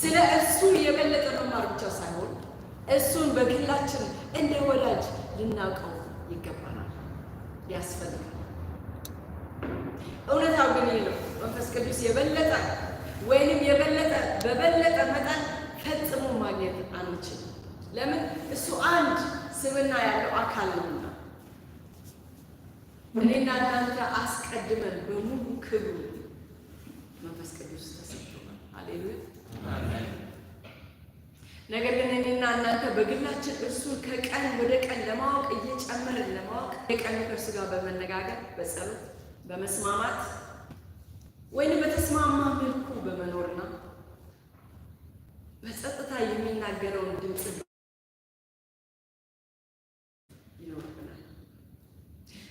ስለ እርሱ የበለጠ መማር ብቻ ሳይሆን እሱን በግላችን እንደ ወዳጅ ልናውቀው ይገባናል፣ ያስፈልጋል። እውነታው ግን ይህ ነው። መንፈስ ቅዱስ የበለጠ ወይንም የበለጠ በበለጠ መጠን ፈጽሞ ማግኘት አንችልም። ለምን? እሱ አንድ ስምና ያለው አካል ነውና፣ እኔና እናንተ አስቀድመን በሙሉ ክብሩ መንፈስ ቅዱስ ተሰጥቶናል። አሌሉያ ነገር ግን እኔና እናንተ በግላችን እርሱን ከቀን ወደ ቀን ለማወቅ እየጨመርን ለማወቅ የቀኑ ከእርሱ ጋር በመነጋገር በጸሎት በመስማማት ወይንም በተስማማ መልኩ በመኖርና በጸጥታ የሚናገረውን ድምፅ ይኖርብናል።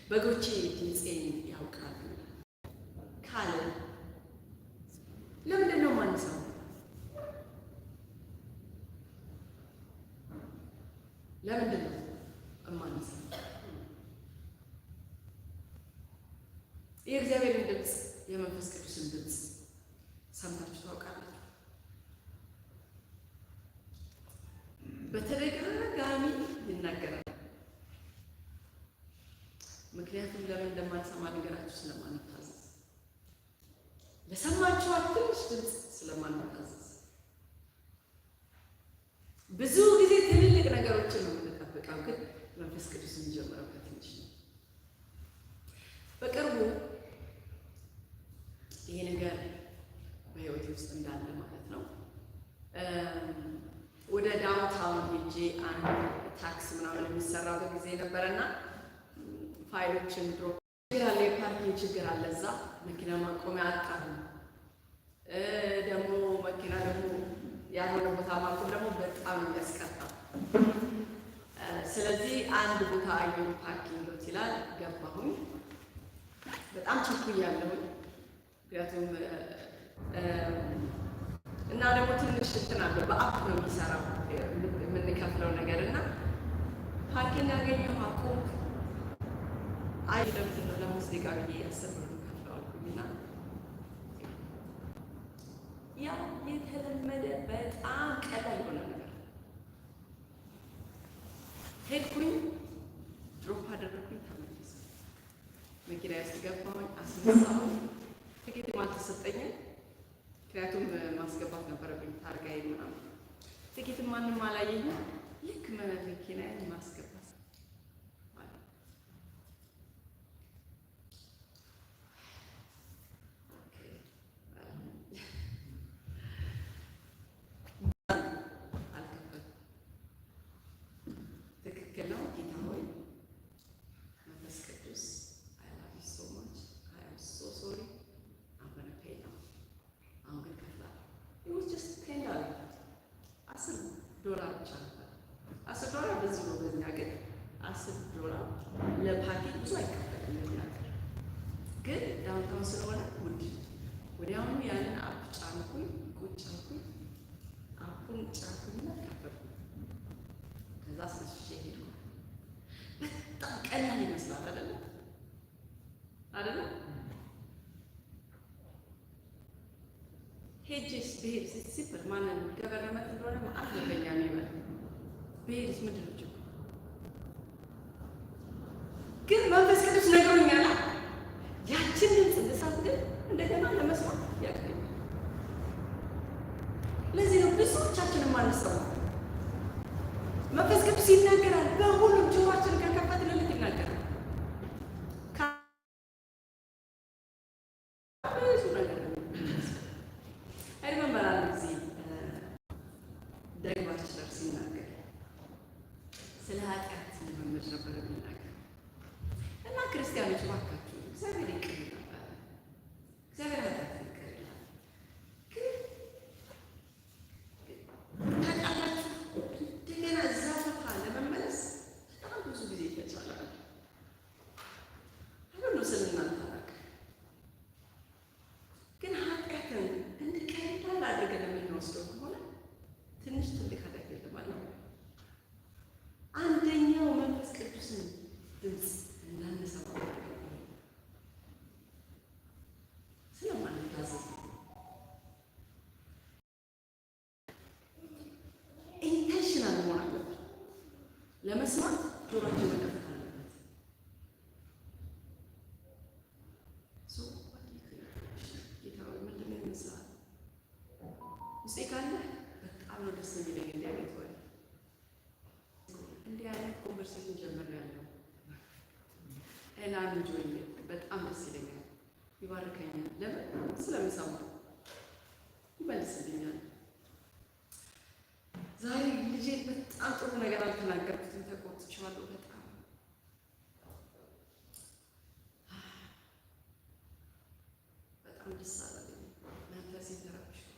በጎቼ ድምፄን ያውቃሉ ካለ ለምንድን ነው ማንሰው? ለምንድን ነው እማነሳ? የእግዚአብሔርን ድምፅ የመንፈስ ቅዱስን ድምፅ ሰምታችሁ ታውቃላችሁ? በተደጋጋሚ ይናገራል። ምክንያቱም ለምን እንደማንሰማ ነገራችሁ ስለማንታዘዝ፣ ለሰማችኋት ትንሽ ድምፅ ስለማንታዘዝ ብዙ ጊዜ ትልልቅ ነገሮችን ነው የበቃው ግን መንፈስ ቅዱስ የሚጀምረው ከትንሽ ነው። በቅርቡ ይሄ ነገር በህይወት ውስጥ እንዳለ ማለት ነው ወደ ዳውንታውን ሄጄ አንድ ታክስ ምናምን የሚሰራበት ጊዜ ነበረና ፋይሎችን ድሮ ችግር አለ፣ የፓርኪንግ ችግር አለ። እዛ መኪና ማቆሚያ አጣሁ። ደግሞ መኪና ደግሞ ያልሆነ ቦታ ማቆም ደግሞ በጣም ያስቀጣል። ስለዚህ አንድ ቦታ አየሁ ፓርኪንግ ሎት ይላል። ገባሁኝ። በጣም ቸኩያለሁኝ። ምክንያቱም እና ደግሞ ትንሽ እንትን አለ በአፕ ነው የሚሰራው የምንከፍለው ነገር እና ፓርኪንግ አገኘሁ። አቁም አይ ለምንድን ነው ለሙዚቃ ብዬ ያሰብኩ ከፍለዋልኩኝና ያ የተለመደ በጣም ቀላል ይሆናል ሄድኩኝ፣ ድሮፕ አደረኩኝ ተመለስ መኪና ውስጥ አስነሳሁኝ። ትኬትም አልተሰጠኝም፣ ምክንያቱም ማስገባት ነበረብኝ ታርጋዬ ምናምን። ትኬትም ማንም አላየኝም። ልክ መኪና ማስገባ ብዙ አይከፈልም ነገር ግን ዳውንታውን ስለሆነ ውድ ወዲያውኑ ያንን አፕ ጫንኩኝ፣ ቁጭ አልኩኝ፣ አፑን ጫንኩኝና ተቀበልኩ። ከዛ አስነስቼ ሄድኩ። በጣም ቀላል ይመስላል አይደለ? አይደለ? ሄጄስ ብሄድ ሲባል ማንን ገበረመት እንደሆነ ብሄድስ ምንድን ነው ግን መንፈስ ቅዱስ ነግሮኛል። ያችን ድምፅ ልሳት ግን እንደገና ለመስማት ያቅደኛል። ለዚህ ነው ብዙዎቻችን ማነሰው መንፈስ ቅዱስ ይናገራል። በሁሉም ጆሯችን ከከፈትን ልክ ይናገራል። አይመመራል ጊዜ ደግባች ሲናገር ስለ ኃጢአት መመድ ነበረብኝ ለመስማት ጆሮአቸው መከፈት አለበት። ውስጤ ካለ በጣም ነው ደስ የሚለኝ። እንዲያ ወይ እንዲህ አይነት ኮንቨርሴሽን ጀምር ያለው ሌላ ልጅ በጣም ደስ ይለኛል። ይባርከኛል። ለምን ስለምሰማ ይመልስልኛል። ልጄ በጣም ጥሩ ነገር አልተናገርኩትም፣ ተቆጥቼዋለሁ በጣም በጣም ደስ አላለኝ። መንፈሴ ተረብሿል።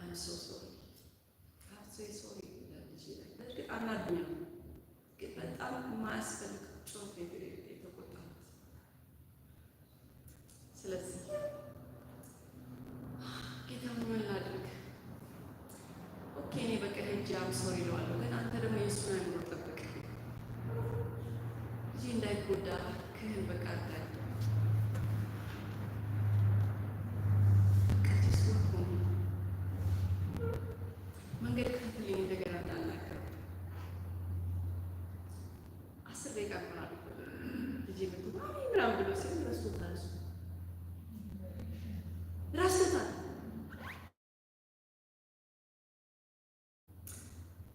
አይ ሶ ሶሪ ካሶ ሶሪ ልጄ ላይ በጣም አናድኛለሁ፣ ግን በጣም የማያስፈልግ ጮፍ እጅ አብሶር ይለዋለሁ። ግን አንተ ደግሞ የእሱን አይምሮ ጠብቅ እንጂ እንዳይጎዳ ክህን በቃ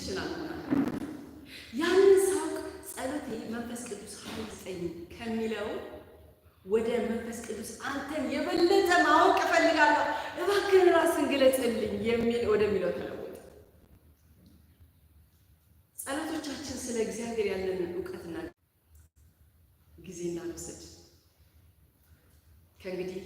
ትችላለህ። ያንን ሳውቅ ጸሎቴ መንፈስ ቅዱስ ኃይል ስጠኝ ከሚለው ወደ መንፈስ ቅዱስ አንተን የበለጠ ማወቅ እፈልጋለሁ፣ እባክህን ራስን ግለጽልኝ የሚል ወደሚለው ተለወጠ። ጸሎቶቻችን ስለ እግዚአብሔር ያለንን እውቀትና ጊዜ እናንወስድ። ከእንግዲህ